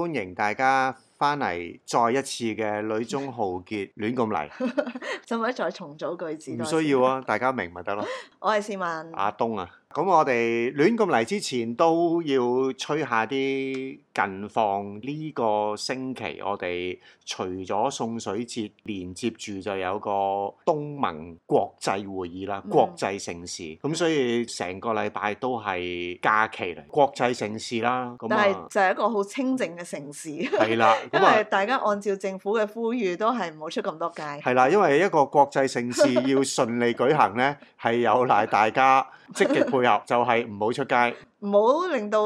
歡迎大家翻嚟再一次嘅女中豪傑亂咁嚟，使唔使再重組句子？唔需要啊，大家明咪得咯。 我係斯文，阿東啊。咁我哋亂咁嚟，之前都要吹下啲近況。呢個星期，我哋除咗送水節，連接住就有個東盟國際會議啦，嗯、國際城市，咁所以成個禮拜都係假期嚟。國際城市啦，咁啊，但係就係一個好清靜嘅城市。係啦，因為大家按照政府嘅呼籲，都係唔好出咁多街。係啦，因為一個國際盛事要順利舉行呢，係 有賴大家積極就係唔好出街。唔好令到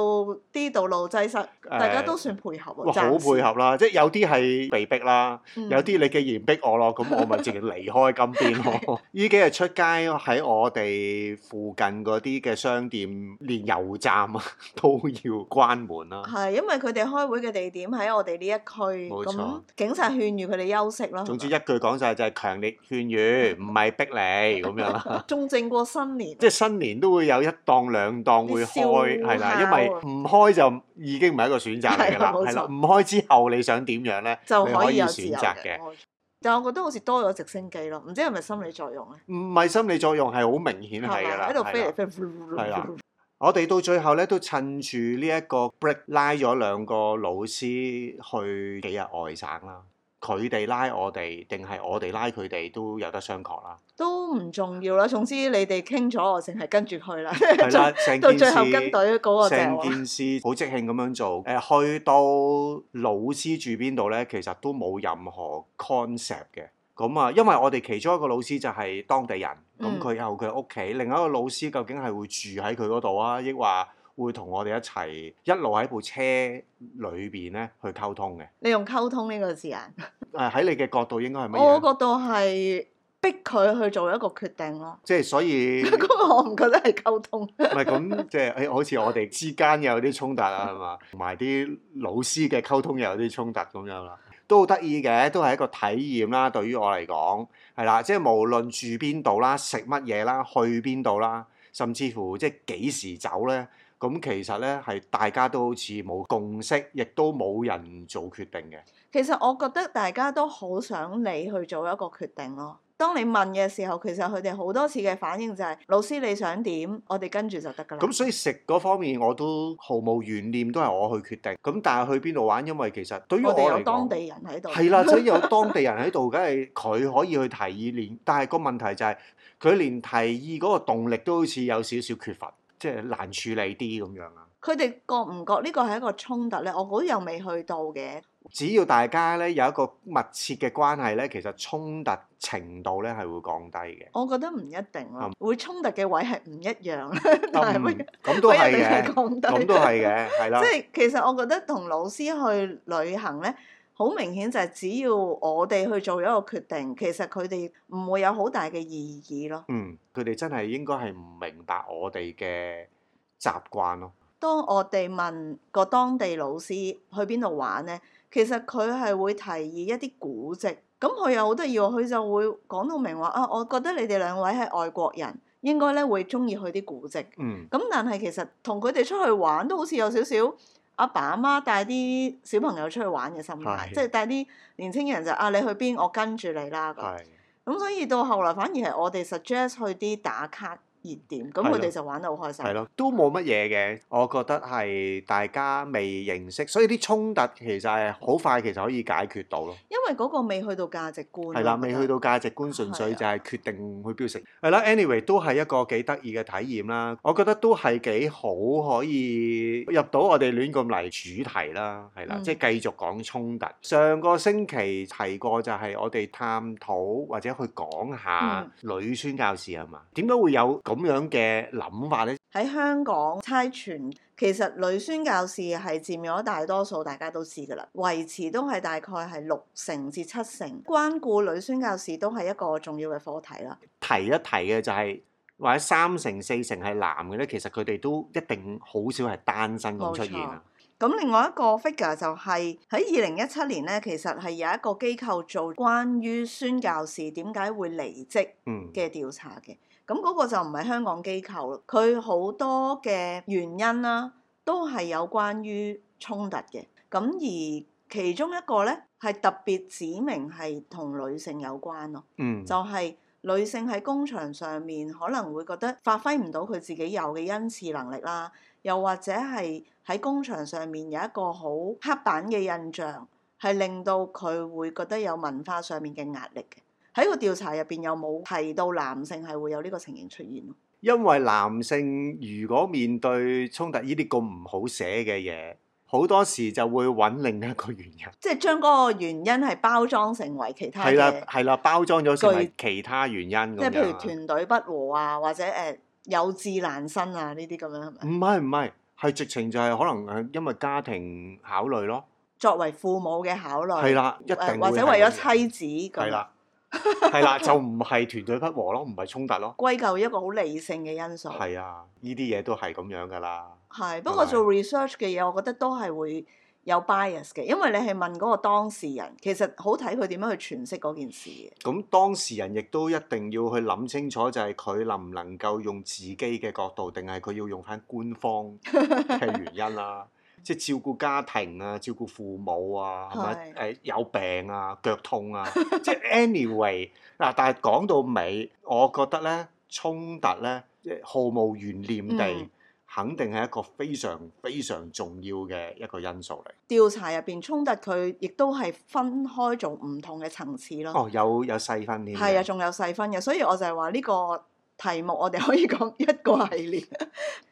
啲道路擠塞，大家都算配合啊！好配合啦，即係有啲係被逼啦，有啲你既然逼我咯，咁我咪直接離開金邊咯。呢幾日出街喺我哋附近嗰啲嘅商店、連油站啊都要關門啦。係因為佢哋開會嘅地點喺我哋呢一區，咁警察勸喻佢哋休息咯。總之一句講晒就係強烈勸喻，唔係逼你咁樣啦。仲正過新年，即係新年都會有一檔兩檔會開。係啦，嗯、了因為唔開就已經唔係一個選擇嚟噶啦，係啦，唔開之後你想點樣咧？就可以有可以選擇嘅。但係我覺得好似多咗直升機咯，唔知係咪心理作用咧？唔係心理作用，係好明顯係噶啦，喺度飛嚟飛去。係啦，我哋到最後咧都趁住呢一個 break 拉咗兩個老師去幾日外省啦。佢哋拉我哋，定係我哋拉佢哋，都有得商榷啦。都唔重要啦。總之你哋傾咗，我淨係跟住去啦。係 啦，成件事，成、啊、件事好即興咁樣做。誒、呃，去到老師住邊度咧，其實都冇任何 concept 嘅。咁啊，因為我哋其中一個老師就係當地人，咁佢有佢屋企。嗯、另一個老師究竟係會住喺佢嗰度啊，亦話？會同我哋一齊一路喺部車裏邊咧去溝通嘅。你用溝通呢個字眼啊？誒 喺你嘅角度應該係乜嘢？我角度係逼佢去做一個決定咯。即係所以嗰個 我唔覺得係溝通。唔係咁，即係好似我哋之間有啲衝突啊，係嘛？ 同埋啲老師嘅溝通又有啲衝突咁樣啦，都好得意嘅，都係一個體驗啦。對於我嚟講係啦，即係無論住邊度啦、食乜嘢啦、去邊度啦，甚至乎即係幾時走咧。咁其實咧，係大家都好似冇共識，亦都冇人做決定嘅。其實我覺得大家都好想你去做一個決定咯。當你問嘅時候，其實佢哋好多次嘅反應就係：老師你想點，我哋跟住就得㗎啦。咁所以食嗰方面我都毫無懸念，都係我去決定。咁但係去邊度玩，因為其實對於我哋有當地人喺度，係啦，即係有當地人喺度，梗係佢可以去提議連。但係個問題就係佢連提議嗰個動力都好似有少少缺乏。即係難處理啲咁樣啊！佢哋覺唔覺呢個係一個衝突咧？我覺得又未去到嘅。只要大家咧有一個密切嘅關係咧，其實衝突程度咧係會降低嘅。我覺得唔一定啊，嗯、會衝突嘅位係唔一樣啦，但係。咁、嗯、都係嘅，咁都係嘅，係啦。 即係其實我覺得同老師去旅行咧。好明顯就係只要我哋去做一個決定，其實佢哋唔會有好大嘅意義咯。嗯，佢哋真係應該係唔明白我哋嘅習慣咯。當我哋問個當地老師去邊度玩呢，其實佢係會提議一啲古蹟。咁佢又好得意喎，佢就會講到明話啊，我覺得你哋兩位係外國人，應該咧會鍾意去啲古蹟。嗯。咁但係其實同佢哋出去玩都好似有少少。阿爸阿媽帶啲小朋友出去玩嘅心態，是的 即係帶啲年青人就是的 啊，你去邊，我跟住你啦咁。咁是的 所以到後來反而係我哋 suggest 去啲打卡。熱點，咁佢哋就玩得好開心。係咯，都冇乜嘢嘅，我覺得係大家未認識，所以啲衝突其實係好快，其實可以解決到咯。因為嗰個未去到價值觀。係啦，未去到價值觀，純粹就係決定去標食。係啦，anyway 都係一個幾得意嘅體驗啦。我覺得都係幾好，可以入到我哋亂咁嚟主題啦。係啦，即係繼續講衝突。上個星期提過就係我哋探討或者去講下女宣教士係嘛？點解會有？咁樣嘅諗法咧，喺香港差傳其實女宣教士係佔咗大多數，大家都知噶啦。維持都係大概係六成至七成，關顧女宣教士都係一個重要嘅課題啦。提一提嘅就係、是、或者三成四成係男嘅咧，其實佢哋都一定好少係單身咁出現啊。咁另外一個 figure 就係喺二零一七年咧，其實係有一個機構做關於宣教士點解會離職嘅調查嘅。嗯咁嗰個就唔係香港機構，佢好多嘅原因啦，都係有關於衝突嘅。咁而其中一個呢，係特別指明係同女性有關咯。嗯，就係女性喺工場上面可能會覺得發揮唔到佢自己有嘅恩賜能力啦，又或者係喺工場上面有一個好刻板嘅印象，係令到佢會覺得有文化上面嘅壓力嘅。喺個調查入邊，有冇提到男性係會有呢個情形出現？因為男性如果面對衝突呢啲咁唔好寫嘅嘢，好多時就會揾另一個原因，即係將嗰個原因係包裝成為其他嘅，係啦，係啦，包裝咗成為其他原因咁樣。即係譬如團隊不和啊，或者誒有志難伸啊呢啲咁樣，係咪？唔係唔係，係直情就係可能係因為家庭考慮咯。作為父母嘅考慮，係啦，一定或者為咗妻子咁。係啦， 就唔係團隊不和咯，唔係衝突咯，歸咎一個好理性嘅因素。係啊，呢啲嘢都係咁樣㗎啦。係啊，不過係唔係做 research 嘅嘢，我覺得都係會有 bias 嘅，因為你係問嗰個當事人，其實好睇佢點樣去詮釋嗰件事。咁當事人亦都一定要去諗清楚，就係佢能唔能夠用自己嘅角度，定係佢要用返官方嘅原因啦。 即係照顧家庭啊，照顧父母啊，係咪？誒是、哎、有病啊，腳痛啊， 即係 anyway 嗱、啊。但係講到尾，我覺得咧，衝突咧，即係毫無怨念懸念地，嗯、肯定係一個非常非常重要嘅一個因素。嚟。調查入邊衝突佢亦都係分開做唔同嘅層次咯。哦，有有細分嘅。係啊，仲有細分嘅，所以我就係話呢個。題目我哋可以講一個系列。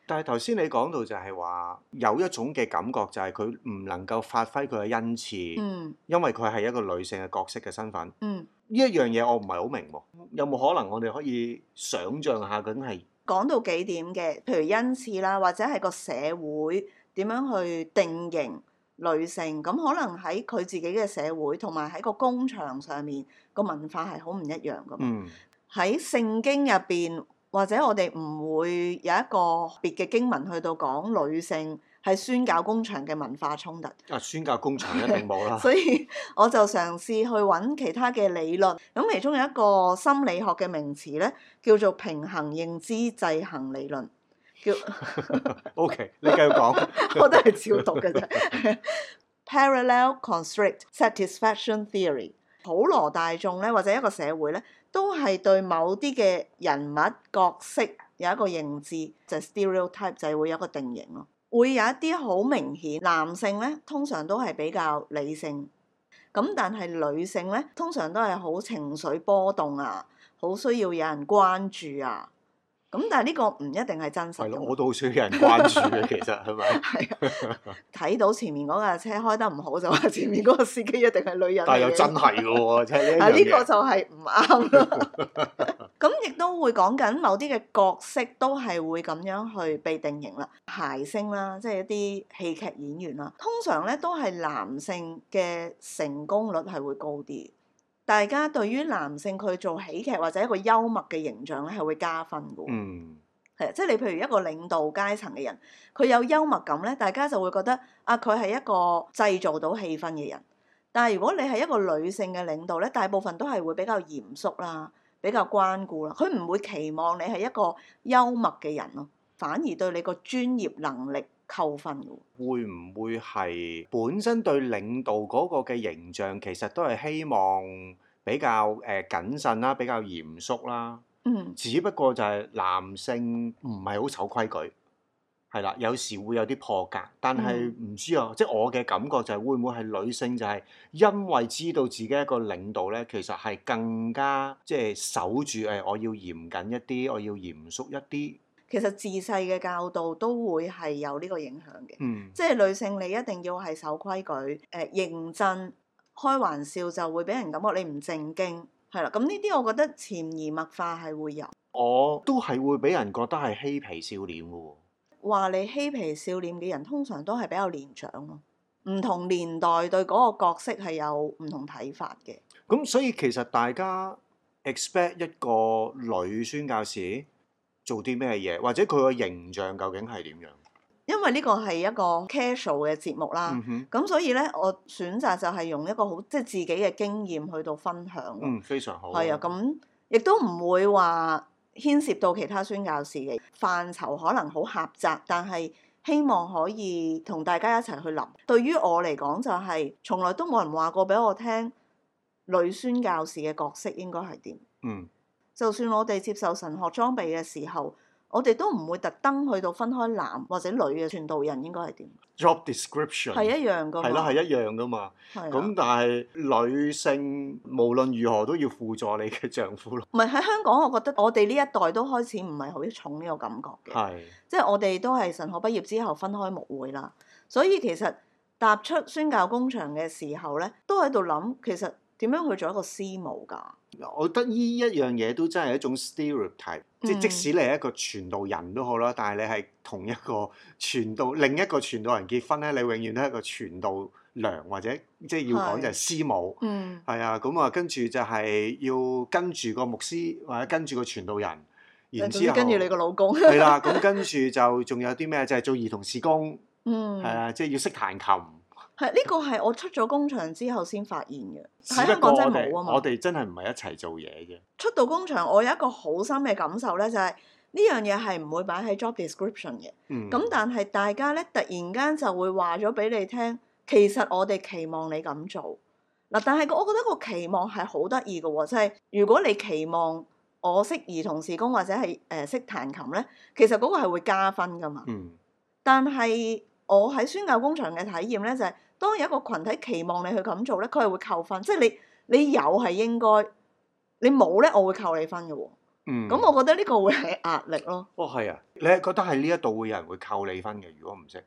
但係頭先你講到就係話有一種嘅感覺就係佢唔能夠發揮佢嘅恩賜，嗯、因為佢係一個女性嘅角色嘅身份。呢、嗯、一樣嘢我唔係好明，有冇可能我哋可以想像下緊係講到幾點嘅？譬如恩賜啦，或者係個社會點樣去定型女性？咁可能喺佢自己嘅社會，同埋喺個工場上面個文化係好唔一樣噶嘛？嗯喺聖經入邊，或者我哋唔會有一個別嘅經文去到講女性係宣教工場嘅文化衝突。啊，宣教工場一定冇啦。 所以我就嘗試去揾其他嘅理論。咁其中有一個心理學嘅名詞呢，叫做平衡認知制衡理論。叫 O.K. 你繼續講。 我都係照讀嘅啫。 Parallel constraint satisfaction theory，普羅大眾呢，或者一個社會呢。都係對某啲嘅人物角色有一個認知，就係 stereotype 就係會有一個定型咯。會有一啲好明顯，男性咧通常都係比較理性，咁但係女性咧通常都係好情緒波動啊，好需要有人關注啊。咁但係呢個唔一定係真實。係我都好少畀人關注嘅， 其實係咪？係啊，睇到前面嗰架車開得唔好，就話前面嗰個司機一定係女人。但係又真係嘅喎，呢 個就係唔啱。咁亦 都會講緊某啲嘅角色都係會咁樣去被定型啦，諧星啦，即係一啲戲劇演員啦，通常呢都係男性嘅成功率係會高啲。大家對於男性去做喜劇或者一個幽默嘅形象咧，係會加分㗎。嗯，係啊，即係你譬如一個領導階層嘅人，佢有幽默感咧，大家就會覺得啊，佢係一個製造到氣氛嘅人。但係如果你係一個女性嘅領導咧，大部分都係會比較嚴肅啦，比較關顧啦，佢唔會期望你係一個幽默嘅人咯，反而對你個專業能力扣分㗎，會唔會係本身對領導嗰個嘅形象，其實都係希望比較誒謹慎啦，比較嚴肅啦。嗯，只不過就係男性唔係好守規矩，係啦，有時會有啲破格。但係唔知啊，即係我嘅感覺就係會唔會係女性就係因為知道自己一個領導咧，其實係更加即係守住誒，我要嚴謹一啲，我要嚴肅一啲。其實自細嘅教導都會係有呢個影響嘅，嗯、即係女性你一定要係守規矩，誒、呃、認真，開玩笑就會俾人感覺你唔正經，係啦。咁呢啲我覺得潛移默化係會有，我都係會俾人覺得係嬉皮笑臉嘅喎。話你嬉皮笑臉嘅人通常都係比較年長咯，唔同年代對嗰個角色係有唔同睇法嘅。咁所以其實大家 expect 一個女宣教士，做啲咩嘢，或者佢個形象究竟係點樣？因為呢個係一個 casual 嘅節目啦，咁、嗯、哼所以呢，我選擇就係用一個好即係自己嘅經驗去到分享。嗯，非常好。係啊，咁亦都唔會話牽涉到其他宣教士嘅範疇，範疇可能好狹窄，但係希望可以同大家一齊去諗。對於我嚟講、就係，就係從來都冇人話過俾我聽女宣教士嘅角色應該係點。嗯。就算我哋接受神學裝備嘅時候，我哋都唔會特登去到分開男或者女嘅傳道人，應該係點？Job description 係一樣噶，係咯，係一樣噶嘛。咁的但係女性，無論如何都要輔助你嘅丈夫咯。唔係喺香港，我覺得我哋呢一代都開始唔係好重呢個感覺嘅，即係的我哋都係神學畢業之後分開牧會啦。所以其實踏出宣教工場嘅時候咧，都喺度諗，其實。點樣去做一個師母噶？我覺得呢一樣嘢都真係一種 stereotype，即、嗯、即使你係一個傳道人都好啦，但係你係同一個傳道，另一個傳道人結婚咧，你永遠都係一個傳道娘或者即係要講就係師母。嗯，係啊，咁啊，跟住就係要跟住個牧師或者跟住個傳道人，然之後跟住你個老公係啦。咁後、 啊、跟住就仲有啲咩？就係、是、做兒童事工。嗯，係啊，即係要識彈琴。呢個係我出咗工場之後先發現嘅，喺香港真係冇啊嘛。我哋真係唔係一齊做嘢嘅。出到工場，我有一個好深嘅感受咧，就係呢樣嘢係唔會擺喺 job description 嘅。咁、嗯、但係大家咧，突然間就會話咗俾你聽，其實我哋期望你咁做嗱、啊。但係我覺得個期望係好得意嘅喎，即係、是、如果你期望我識兒童事工或者係誒、呃、識彈琴咧，其實嗰個係會加分嘅嘛。嗯、但係我喺宣教工場嘅體驗咧，就係、是。當然一個群體期望你去咁做咧，佢係會扣分，即係你你有係應該，你冇咧，我會扣你分嘅喎。嗯，咁我覺得呢個會係壓力咯。哦，係啊，你覺得係呢一度會有人會扣你分嘅？如果唔識，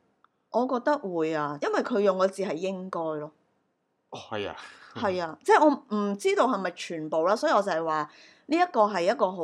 我覺得會啊，因為佢用嘅字係應該咯。哦，係啊，係 啊，即係我唔知道係咪全部啦，所以我就係話呢一個係一個好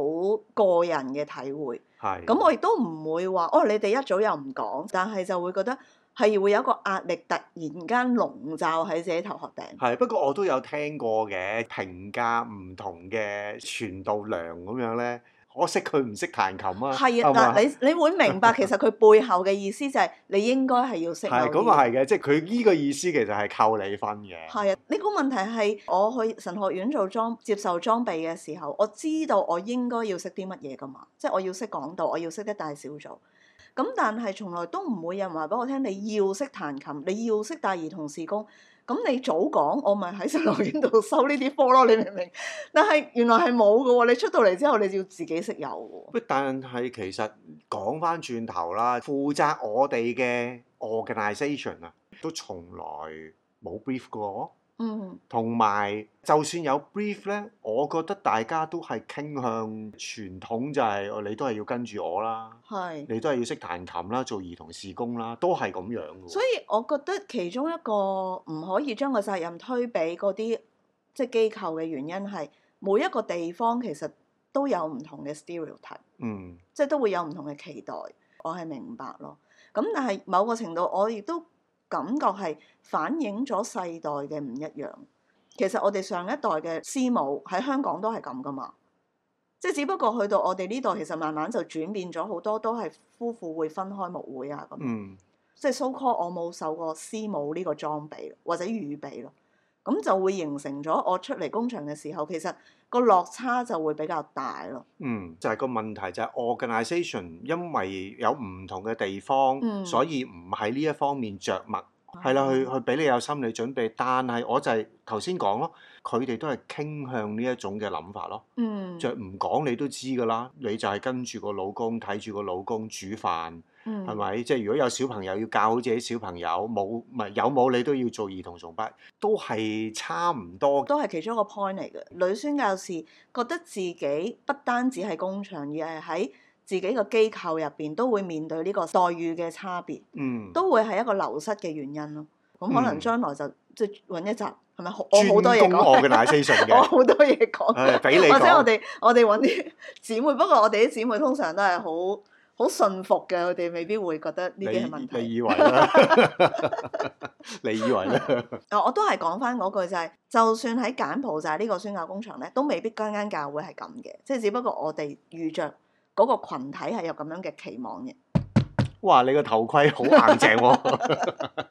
個人嘅體會。係的。咁我亦都唔會話哦，你哋一早又唔講，但係就會覺得係會有一個壓力，突然間籠罩喺自己頭殼頂。係不過我都有聽過嘅評價，唔同嘅傳道量咁樣咧。可惜佢唔識彈琴啊。係啊的，嗱，你你會明白其實佢背後嘅意思就係你應該係要識。係咁啊，係嘅，即係佢呢個意思其實係扣你分嘅。係啊，呢個問題係我去神學院做裝接受裝備嘅時候，我知道我應該要識啲乜嘢噶嘛。即係我要識講道，我要識得帶小組。咁但係從來都唔會有人話俾我聽你要識彈琴，你要識帶兒童事工。咁你早講，我咪喺神學院度收呢啲科咯，你明唔明？但係原來係冇嘅喎，你出到嚟之後，你就要自己識游喎。但係其實講翻轉頭啦，負責我哋嘅 organisation 啊，都從來冇 brief 過。嗯，同埋就算有 brief 咧，我覺得大家都係傾向傳統就係、是、哦，你都係要跟住我啦，係是你都係要識彈琴啦，做兒童事工啦，都係咁樣。所以，我覺得其中一個唔可以將個責任推俾嗰啲即係機構嘅原因係每一個地方其實都有唔同嘅 stereotype，嗯，即係都會有唔同嘅期待，我係明白咯。咁但係某個程度，我亦都。感覺係反映咗世代嘅唔一樣。其實我哋上一代嘅師母喺香港都係咁㗎嘛，即係只不過去到我哋呢代，其實慢慢就轉變咗好多，都係夫婦會分開牧會啊。咁、嗯，即係 so call 我冇受過師母呢個裝備或者預備咯，咁就會形成咗我出嚟工場嘅時候，其實。個落差就會比較大咯。嗯，就係、是、個問題就係 organization，因為有唔同嘅地方，嗯、所以唔喺呢一方面着墨，係、嗯、啦，去去俾你有心理準備。但係我就係頭先講咯，佢哋都係傾向呢一種嘅諗法咯。嗯，就唔講你都知㗎啦，你就係跟住個老公，睇住個老公煮飯。係咪？即係如果有小朋友要教好自己小朋友，冇咪有冇你都要做兒童崇拜，都係差唔多。都係其中一個 point 嚟嘅。女宣教士覺得自己不單止係工場，而係喺自己個機構入邊都會面對呢個待遇嘅差別，嗯、都會係一個流失嘅原因咯。咁可能將來就即係揾一集係咪？我好多嘢 講，我好多嘢講，或者我哋我哋揾啲姊妹。不過我哋啲姊妹通常都係好。好信服嘅，我哋未必會覺得呢啲係問題你。你以為啦， 你以為啦。 我都係講翻嗰句就係、是，就算喺柬埔寨呢個宣教工場咧，都未必間間教會係咁嘅，即係只不過我哋預着嗰個群體係有咁樣嘅期望嘅。哇！你個頭盔好硬正喎、哦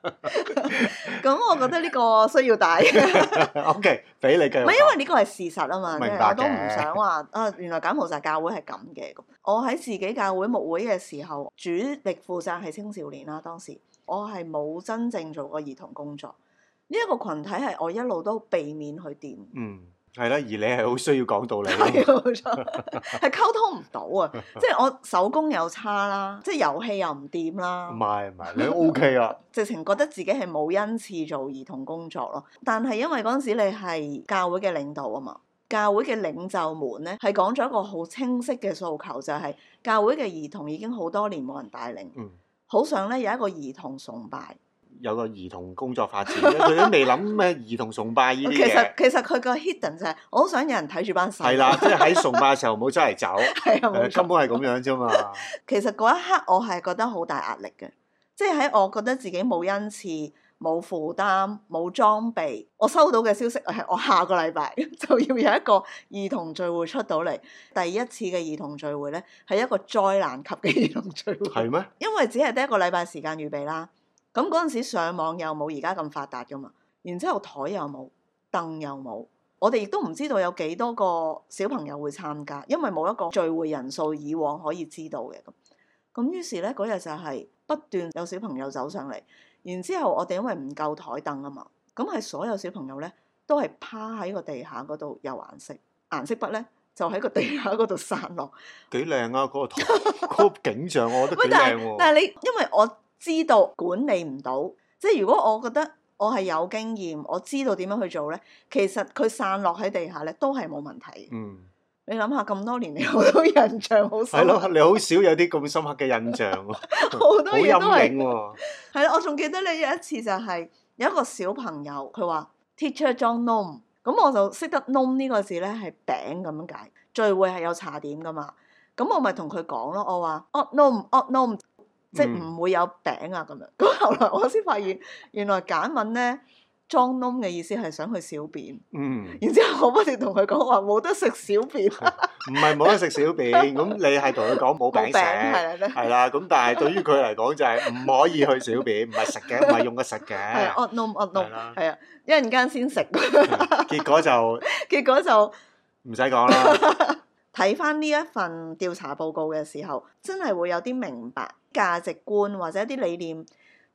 嗯，咁我覺得呢個需要戴 okay。OK，俾你計。唔係因為呢個係事實啊嘛白，我都唔想話啊，原來柬埔寨教會係咁嘅。我喺自己教會牧會嘅時候，主力負責係青少年啦。當時我係冇真正做過兒童工作，呢、這、一個群體係我一路都避免去掂。嗯。係啦，而你係好需要講道理，係冇錯，係溝通唔到啊！即係我手工又差啦，即係遊戲又唔掂啦。唔係唔係，你 O K 啊？直情覺得自己係冇恩賜做兒童工作咯，但係因為嗰陣時你係教會嘅領導啊嘛，教會嘅領袖們咧係講咗一個好清晰嘅訴求，就係、是、教會嘅兒童已經好多年冇人帶領，好、嗯、想咧有一個兒童崇拜。有個兒童工作發展，佢都未諗咩兒童崇拜依啲嘢。其實其實佢個 hidden 就係、是，我好想有人睇住班細。係 啦，即係喺崇拜嘅時候冇出嚟走， 的嗯、根本係咁樣啫嘛。 其實嗰一刻我係覺得好大壓力嘅，即係喺我覺得自己冇恩賜、冇負擔、冇裝備，我收到嘅消息係我下個禮拜就要有一個兒童聚會出到嚟，第一次嘅兒童聚會咧係一個災難級嘅兒童聚會，係咩嗎？因為只係得一個禮拜時間預備啦。咁嗰陣時上網又冇而家咁發達噶嘛，然之後台又冇，凳又冇，我哋亦都唔知道有幾多個小朋友會參加，因為冇一個聚會人數以往可以知道嘅咁。咁於是咧嗰日就係不斷有小朋友走上嚟，然之後我哋因為唔夠台凳啊嘛，咁係所有小朋友咧都係趴喺個地下嗰度有顏色，顏色筆咧就喺個地下嗰度散落，幾靚啊！嗰、嗰個嗰 個景象，我覺得幾靚喎，但係你因為我。知道管理唔到，即係如果我覺得我係有經驗，我知道點樣去做咧，其實佢散落喺地下咧都係冇問題。嗯，你諗下咁多年嚟我都印象好深。係咯，你好少有啲咁深刻嘅印象喎，好多嘢都係。係咯，我仲記得你有一次就係、是、有一個小朋友，佢話 teacher John nome 咁我就識得 nome、這個、呢個字咧係餅咁解。聚會係有茶點噶嘛，咁我咪同佢講咯，我話哦 nome 哦 nome。即係唔會有餅啊，咁樣，咁後來我先發現原來簡文咧裝窿嘅意思係想去小便，嗯，然之後我不斷同佢講話冇得食小便，唔係冇得食小便，咁 你係同佢講冇餅食，係啦，咁的的但係對於佢嚟講就係唔可以去小便，唔係食嘅，唔係用得食嘅，係啊，one long one long 係啊，一陣間先食，結果就，結果就唔使講啦。 睇翻呢一份調查報告嘅時候，真係會有啲明白價值觀或者啲理念，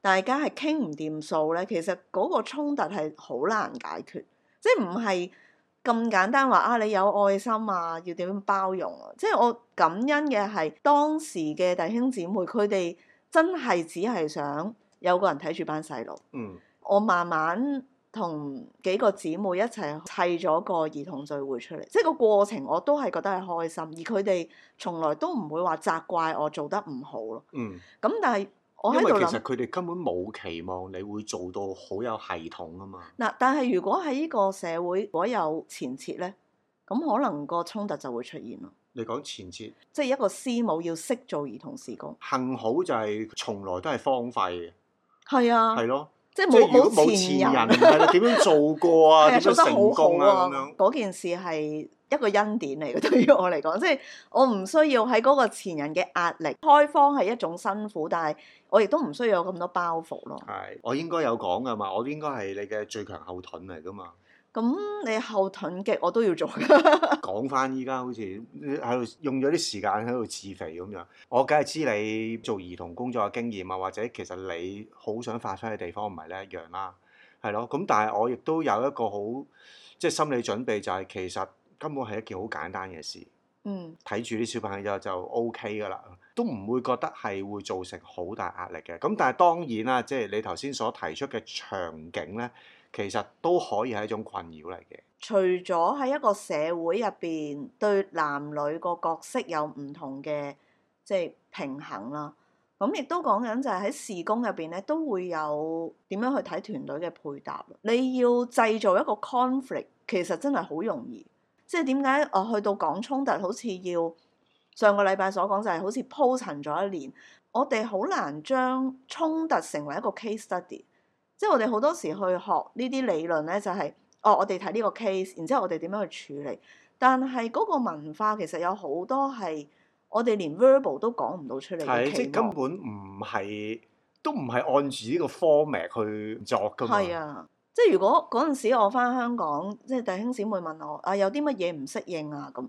大家係傾唔掂數呢，其實嗰個衝突係好難解決，即係唔係咁簡單話啊，你有愛心啊，要點樣包容啊？即係我感恩嘅係當時嘅弟兄姊妹，佢哋真係只係想有個人睇住班細路。嗯，我慢慢。同幾個姊妹一齊砌咗個兒童聚會出嚟，即係個過程我都係覺得係開心，而佢哋從來都唔會話責怪我做得唔好咯。嗯，咁但係我喺度諗，因為其實佢哋根本冇期望你會做到好有系統啊嘛。嗱，但係如果喺呢個社會如果有前設咧，咁可能個衝突就會出現咯。你講前設，即係一個師母要識做兒童事工，幸好就係從來都係荒廢嘅。係啊，係咯。即係冇冇前人係點 的樣做過啊？點樣成功啊？咁樣嗰件事係一個恩典嚟嘅，對於我嚟講，即係我唔需要喺嗰個前人嘅壓力。開荒係一種辛苦，但係我亦都唔需要有咁多包袱咯。係，我應該有講㗎嘛？我應該係你嘅最強後盾嚟㗎嘛？咁你後盾嘅我都要做。講翻依家好似喺度用咗啲時間喺度自肥咁樣，我梗係知你做兒童工作嘅經驗啊，或者其實你好想發揮嘅地方唔係呢一樣啦，啊，係咯。咁但係我亦都有一個好即係心理準備，就係，就係其實根本係一件好簡單嘅事。嗯，睇住啲小朋友就 O K 噶啦，都唔會覺得係會造成好大壓力嘅。咁但係當然啦，即係你頭先所提出嘅場景咧。其實都可以係一種困擾嚟嘅。除咗喺一個社會入邊對男女個角色有唔同嘅即係平衡啦，咁亦都講緊就係喺事工入邊咧都會有點樣去睇團隊嘅配搭。你要製造一個 conflict，其實真係好容易。即係點解我去到講衝突好似要上個禮拜所講就係好似鋪陳咗一年，我哋好難將衝突成為一個 case study。即係我哋好多時去學論呢啲理論咧，就係、是、哦，我哋睇呢個 case，然之後我哋點樣去處理。但係嗰個文化其實有好多係我哋連 verbal 都講唔到出嚟嘅。即根本唔係，都唔係按住呢個 format 去作㗎嘛。係啊，即係如果嗰陣時我翻香港，即係弟兄姊妹問我啊，有啲乜嘢唔適應啊咁，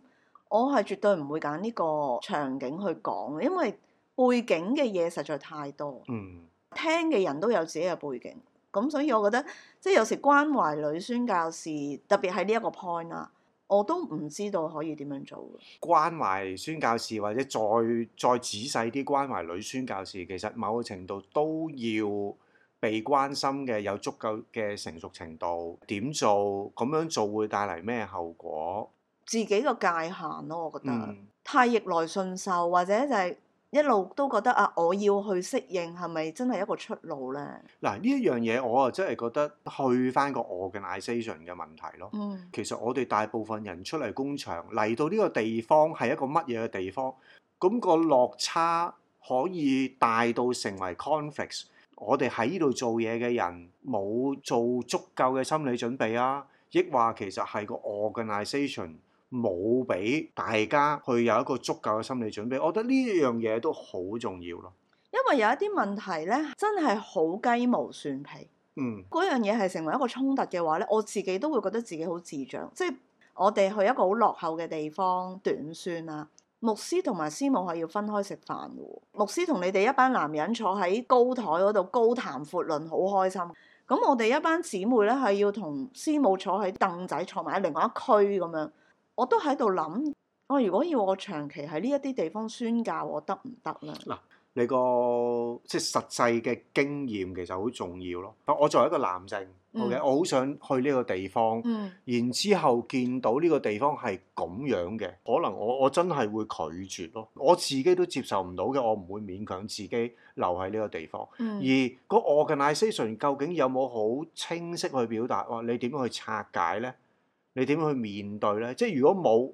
我係絕對唔會揀呢個場景去講，因為背景嘅嘢實在太多。嗯，聽嘅人都有自己嘅背景。咁所以我覺得，即係有時關懷女宣教士，特別喺呢一個 point 啊，我都唔知道可以點樣做。關懷宣教士或者再再仔細啲關懷女宣教士，其實某個程度都要被關心嘅，有足夠嘅成熟程度，點做咁樣做會帶嚟咩後果？自己個界限咯，我覺得太、嗯、逆來順受或者就係。一路都覺得啊，我要去適應，係咪真係一個出路咧？嗱，呢一樣嘢我啊，真係覺得去翻個 organisation 嘅問題咯。Mm. 其實我哋大部分人出嚟工場嚟到呢個地方係一個乜嘢嘅地方？咁個落差可以大到成為 conflict。我哋喺呢度做嘢嘅人冇做足夠嘅心理準備啊，亦話其實係個 organisation。冇俾大家去有一個足夠嘅心理準備，我覺得呢一樣嘢都好重要咯。因為有一啲問題咧，真係好雞毛蒜皮。嗯，嗰樣嘢係成為一個衝突嘅話咧，我自己都會覺得自己好智障。即係我哋去一個好落後嘅地方短宣啦。牧師同埋師母係要分開食飯喎。牧師同你哋一班男人坐喺高台嗰度高談闊論，好開心。咁我哋一班姊妹咧係要同師母坐喺凳仔坐埋喺另外一區咁樣。我都喺度諗，我、哦、如果要我長期喺呢一啲地方宣教我，我得唔得咧？嗱，你個即係實際嘅經驗其實好重要咯。我作為一個男性，好、okay? 嘅、嗯，我好想去呢個地方，嗯、然之後見到呢個地方係咁樣嘅，可能我我真係會拒絕咯。我自己都接受唔到嘅，我唔會勉強自己留喺呢個地方。嗯、而個 organisation、嗯、究竟有冇好清晰去表達？哇，你點去拆解呢？你點去面對呢？即係如果冇，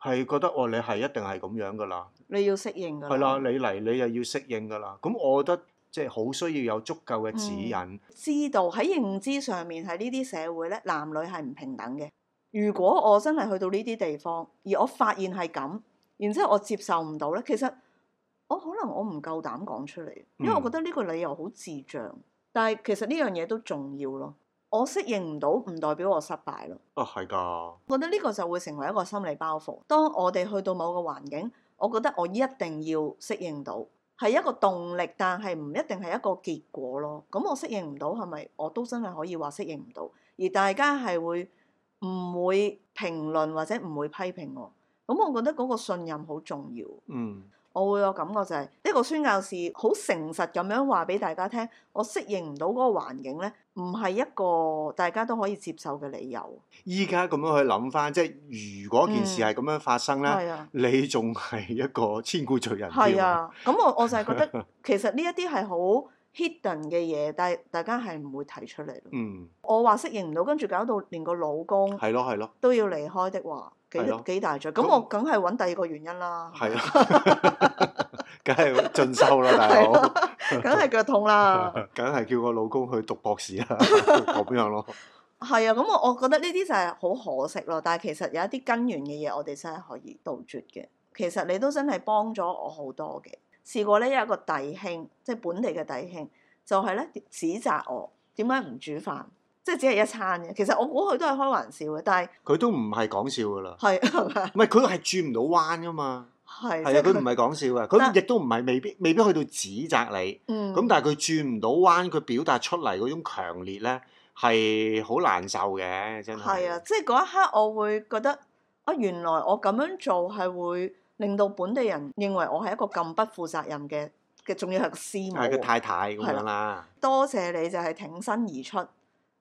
係覺得哦，你係一定係咁樣㗎啦。你要適應㗎。係啦，你嚟你又要適應㗎啦。咁我覺得即係好需要有足夠嘅指引。嗯、知道喺認知上面喺呢啲社會咧，男女係唔平等嘅。如果我真係去到呢啲地方，而我發現係咁，然之後我接受唔到呢，其實我可能我唔夠膽講出嚟，因為我覺得呢個理由好智障。但係其實呢樣嘢都重要咯。我適應唔到，唔代表我失敗咯。啊、哦，係㗎！我覺得呢個就會成為一個心理包袱。當我哋去到某個環境，我覺得我一定要適應到，係一個動力，但係唔一定係一個結果咯。咁我適應唔到係咪？是是我都真係可以話適應唔到，而大家係會唔會評論或者唔會批評我？咁我覺得嗰個信任好重要。嗯。我會有感覺就係呢個宣教士好誠實咁樣話俾大家聽，我適應唔到嗰個環境呢，唔係一個大家都可以接受嘅理由。依家咁樣去諗翻，即係如果件事係咁樣發生呢，嗯啊、你仲係一個千古罪人㗎啊，咁我我就係覺得其實呢一啲係好 hidden 嘅嘢，但係大家係唔會提出嚟。嗯，我話適應唔到，跟住搞到連個老公係咯係咯都要離開的話。幾幾大罪？咁我梗係揾第二個原因啦。係咯、啊，梗係進修啦，大佬。梗係、啊、腳痛啦。梗係叫個老公去讀博士啦，咁 樣咯。係啊，咁我我覺得呢啲就係好可惜咯。但係其實有一啲根源嘅嘢，我哋真係可以杜絕嘅。其實你都真係幫咗我好多嘅。試過咧有一個弟兄，即、就、係、是、本地嘅弟兄，就係、是、咧指責我點解唔煮飯。即係只係一餐嘅，其實我估佢都係開玩笑嘅，但係佢都唔係講笑㗎啦，係唔係佢係轉唔到彎㗎嘛，係係啊！佢唔係講笑嘅，佢亦是都唔係未必未必去到指責你，咁、嗯、但係佢轉唔到彎，佢表達出嚟嗰種強烈咧係好難受嘅，真係係啊！即係嗰一刻，我會覺得啊，原來我咁樣做係會令到本地人認為我係一個咁不負責任嘅嘅，仲要係個師母，係個、啊、太太咁樣啦。多謝你就係挺身而出。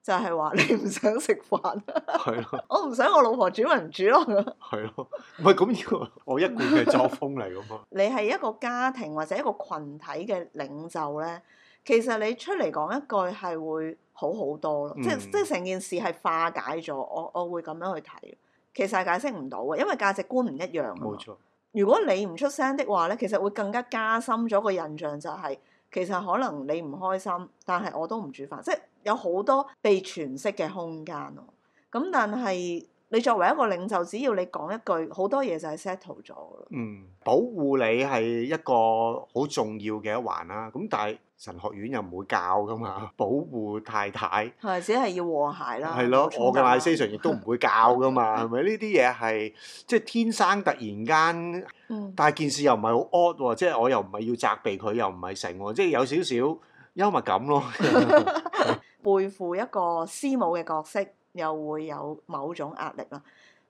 就係話你唔想食飯，係 咯的，我唔想我老婆煮咪唔煮咯，係 咯，唔係咁要我一貫嘅作風嚟噶嘛。 你係一個家庭或者一個群體嘅領袖咧，其實你出嚟講一句係會好好多咯、嗯，即即成件事係化解咗。我我會咁樣去睇，其實係解釋唔到嘅，因為價值觀唔一樣。冇錯，如果你唔出聲的話咧，其實會更加加深咗個印象、就係，就係其實可能你唔開心，但係我都唔煮飯，即係。有好多被詮釋嘅空間咯，咁但係你作為一個領袖，只要你講一句，好多嘢就係 settle 咗嘅。嗯，保護你係一個好重要嘅一環啦。咁但係神學院又唔會教噶嘛，保護太太，只係要和諧啦。係咯、啊，我嘅 intention 亦都唔會教噶嘛，係咪？ 呢啲嘢係即係天生突然間，嗯、但係件事又唔係好 odd 喎，即係我又唔係要責備佢，又唔係成，即係有少少幽默感咯。 背負一個師母嘅角色，又會有某種壓力啦。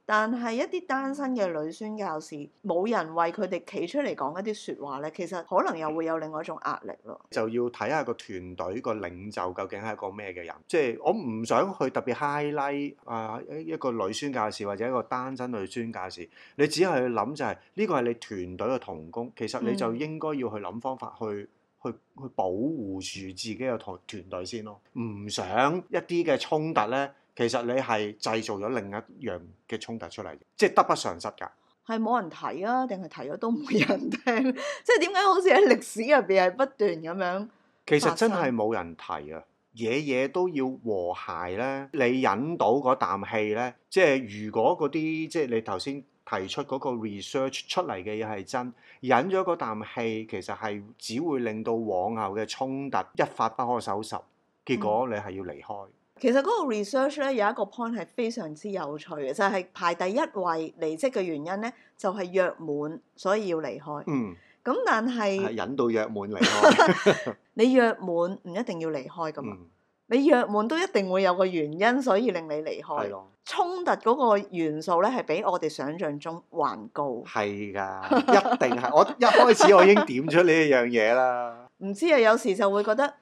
但係一啲單身嘅女宣教士，冇人為佢哋企出嚟講一啲説話咧，其實可能又會有另外一種壓力咯。就要睇下個團隊個領袖究竟係一個咩嘅人，即係我唔想去特別 highlight 啊，一一個女宣教士或者一個單身女宣教士，你只係去諗就係呢個係你團隊嘅同工，其實你就應該要去諗方法去。去去保護住自己嘅團團隊先咯，唔想一啲嘅衝突咧，其實你係製造咗另一樣嘅衝突出嚟，即係得不償失㗎。係冇人提啊，定係提咗都冇人聽？ 即係點解好似喺歷史入邊係不斷咁樣？其實真係冇人提啊，嘢嘢都要和諧咧。你忍到嗰啖氣咧，即係如果嗰啲即係你頭先，提出嗰個 research 出嚟嘅嘢係真，忍咗嗰啖氣，其實係只會令到往後嘅衝突一發不可收拾。結果你係要離開，嗯。其實嗰個 research 咧有一個 point 係非常之有趣嘅，就係、是、排第一位離職嘅原因咧，就係、是、約滿，所以要離開。嗯，咁但係、啊、忍到約滿離開， 你約滿唔一定要離開噶嘛？嗯。你約滿都一定會有個原因，所以令你離開。係衝突嗰個元素咧，係比我哋想像中還高。係㗎，一定係。 我一開始我已經點咗呢一樣嘢啦。唔知啊，有時就會覺得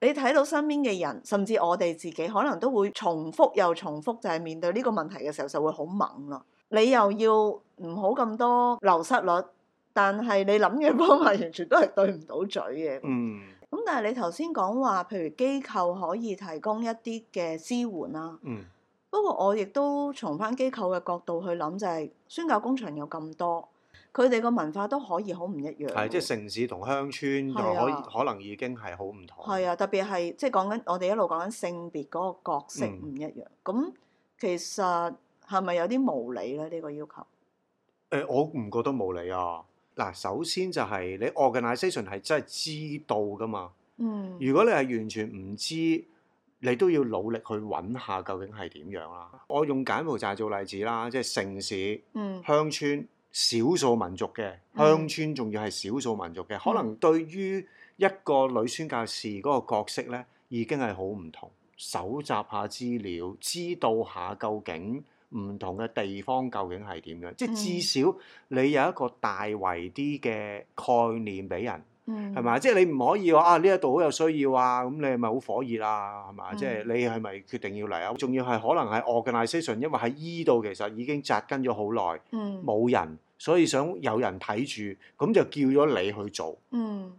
你睇到身邊嘅人，甚至我哋自己，可能都會重複又重複，就係面對呢個問題嘅時候，就會好猛咯。你又要唔好咁多流失率，但係你諗嘅方法完全都係對唔到嘴嘅。嗯。咁但係你頭先講話，譬如機構可以提供一啲嘅支援啦。嗯。不過我亦都從翻機構嘅角度去諗，就係、是、宣教工場有咁多，佢哋個文化可、就是、都可以好唔一樣。係、啊，即係城市同鄉村可可能已經係好唔同。係啊，特別係即係講緊我哋一路講緊性別嗰個角色唔一樣。咁、嗯、其實係咪有啲無理咧？呢、呢個要求？誒、欸，我唔覺得無理啊。嗱，首先就係你 organisation 係真係知道噶嘛。嗯，如果你係完全唔知，你都要努力去揾下究竟係點樣啦。我用柬埔寨做例子啦，即係城市、嗯、鄉村、少數民族嘅鄉村，仲要係少數民族嘅，嗯，可能對於一個女宣教士嗰個角色咧，已經係好唔同。搜集下資料，知道下究竟。唔同嘅地方究竟係點樣？嗯、即係至少你有一個大圍啲嘅概念俾人，係嘛、嗯？即係你唔可以話啊呢一度好有需要啊，咁、嗯、你係咪好火熱啊？係嘛？即係、嗯、你係咪決定要嚟啊？仲要係可能係 organisation，因為喺依度其實已經紮根咗好耐，冇、嗯、人，所以想有人睇住，咁就叫咗你去做。嗯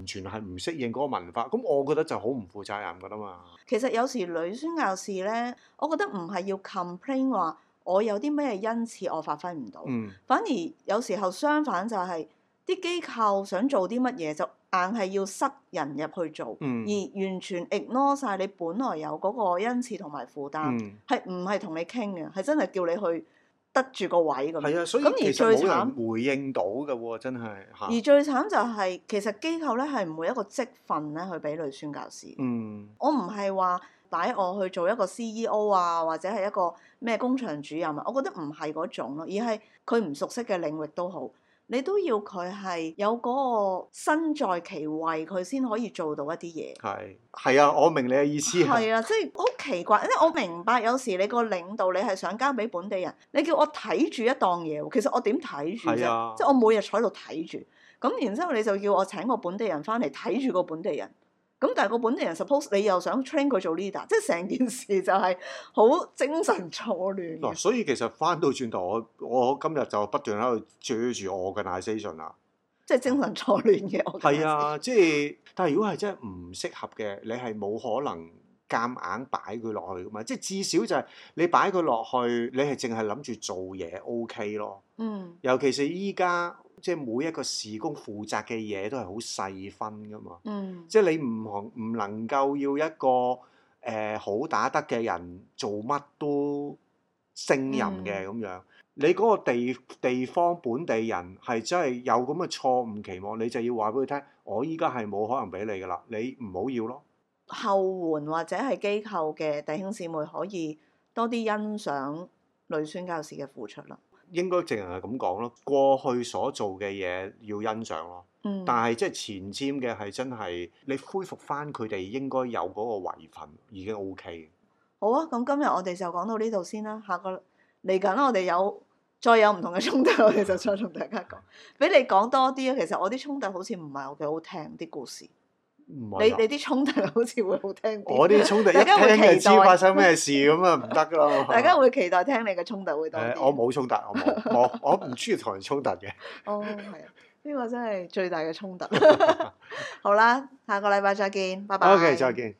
完全係唔適應嗰個文化，咁我覺得就好唔負責任噶啦嘛。其實有時女宣教士咧，我覺得唔係要 complain 話我有啲咩恩賜我發揮唔到，嗯、反而有時候相反就係啲機構想做啲乜嘢就硬係要塞人入去做，嗯、而完全 ignore 晒你本來有嗰個恩賜同埋負擔，係唔係同你傾嘅，係真係叫你去。得住個位咁樣，咁而最慘回應到嘅喎，真係嚇。而最慘就係、是、其實機構咧係唔會一個職分咧去俾女宣教師。嗯，我唔係話擺我去做一個 CEO 啊，或者係一個咩工場主任啊，我覺得唔係嗰種咯，而係佢唔熟悉嘅領域都好。你都要佢係有嗰個身在其位，佢先可以做到一啲嘢。係係啊，我明你嘅意思。係啊，即係好奇怪，因為我明白有時你個領導你係想交俾本地人，你叫我睇住一檔嘢，其實我點睇住啫？係啊，即係我每日坐喺度睇住，咁然之後你就叫我請個本地人翻嚟睇住個本地人。咁但係個本地人 suppose 你又想 train 佢做 leader，即係成件事就係好精神錯亂。嗱、啊，所以其實翻到轉頭，我我今日就不斷喺度追住我嘅 narration 啦。即係精神錯亂嘅，我係啊，即係，但係如果係真係唔適合嘅，你係冇可能夾硬擺佢落去噶嘛。即係至少就係你擺佢落去，你係淨係諗住做嘢 OK 咯。嗯。尤其是依家。即係每一個事工負責嘅嘢都係好細分噶嘛，嗯、即係你唔唔能夠要一個誒、呃、好打得嘅人做乜都勝任嘅咁樣，你嗰個地地方本地人係真係有咁嘅錯誤期望，你就要話俾佢聽，我依家係冇可能俾你噶啦，你唔好要，要咯。後援或者係機構嘅弟兄姊妹可以多啲欣賞女宣教士嘅付出啦。應該淨係咁講咯，過去所做嘅嘢要欣賞咯。嗯，但係即係前瞻嘅係真係你恢復返佢哋應該有嗰個遺份已經 O K 嘅。好啊，咁今日我哋就講到呢度先啦。下個嚟緊我哋有再有唔同嘅衝突，我哋就再同大家講，俾 你講多啲啊。其實我啲衝突好似唔係我幾好聽啲故事。你你啲衝突好似會好聽啲，大家會一聽就知發生咩事咁啊，唔得咯！大家會期待聽你嘅衝突會多、哎、我冇衝突，我冇冇， 我唔中意同人衝突嘅。 哦，係啊，呢、這個真係最大嘅衝突。 好啦，下個禮拜再見， 拜拜。O.K. 再見。